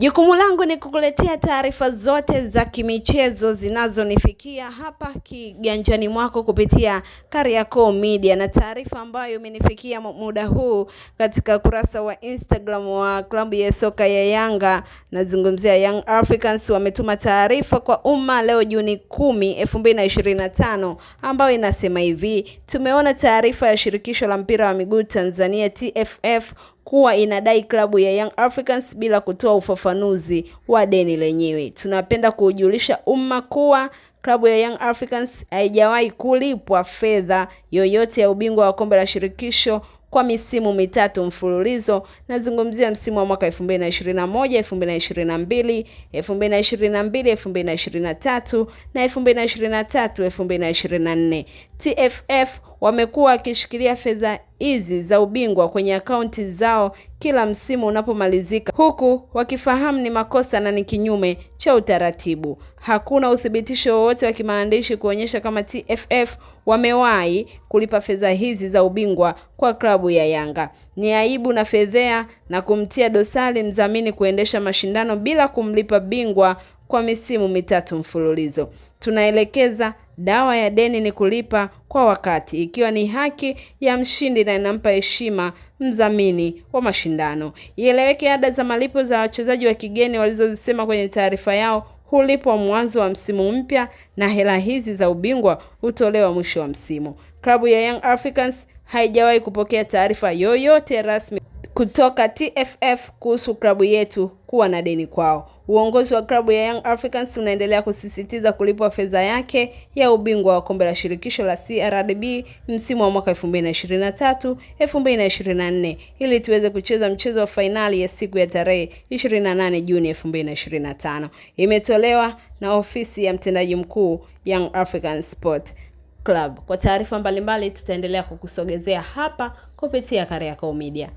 Jukumu langu ni kukuletea taarifa zote za kimichezo zinazonifikia hapa kiganjani mwako kupitia Kariakoo Media, na taarifa ambayo imenifikia muda huu katika kurasa wa Instagram wa klabu ya soka ya Yanga, nazungumzia Young Africans, wametuma taarifa kwa umma leo Juni 10, 2025 ambayo inasema hivi: tumeona taarifa ya shirikisho la mpira wa miguu Tanzania TFF kuwa inadai klabu ya Young Africans bila kutoa ufafanuzi wa deni lenyewe. Tunapenda kuujulisha umma kuwa klabu ya Young Africans haijawahi kulipwa fedha yoyote ya ubingwa wa kombe la shirikisho kwa misimu mitatu mfululizo. Nazungumzia msimu wa mwaka 2021, 2022, 2022, 2023 na 2023, 2024. TFF wamekuwa wakishikilia fedha hizi za ubingwa kwenye akaunti zao kila msimu unapomalizika, huku wakifahamu ni makosa na ni kinyume cha utaratibu. Hakuna uthibitisho wowote wa kimaandishi kuonyesha kama TFF wamewahi kulipa fedha hizi za ubingwa kwa klabu ya Yanga. Ni aibu na fedhea na kumtia dosari mdhamini kuendesha mashindano bila kumlipa bingwa kwa misimu mitatu mfululizo. Tunaelekeza dawa ya deni ni kulipa kwa wakati, ikiwa ni haki ya mshindi na inampa heshima mdhamini wa mashindano. Ieleweke, ada za malipo za wachezaji wa kigeni walizozisema kwenye taarifa yao hulipwa mwanzo wa msimu mpya, na hela hizi za ubingwa hutolewa mwisho wa msimu. Klabu ya Young Africans haijawahi kupokea taarifa yoyote rasmi kutoka TFF kuhusu klabu yetu kuwa na deni kwao. Uongozi wa klabu ya Young Africans unaendelea kusisitiza kulipwa fedha yake ya ubingwa wa kombe la shirikisho la CRDB msimu wa mwaka 2023 2024 ili tuweze kucheza mchezo wa fainali ya siku ya tarehe 28 Juni 2025. Imetolewa na ofisi ya mtendaji mkuu Young African Sport Club. Kwa taarifa mbalimbali, tutaendelea kukusogezea hapa kupitia Kariakoo Media.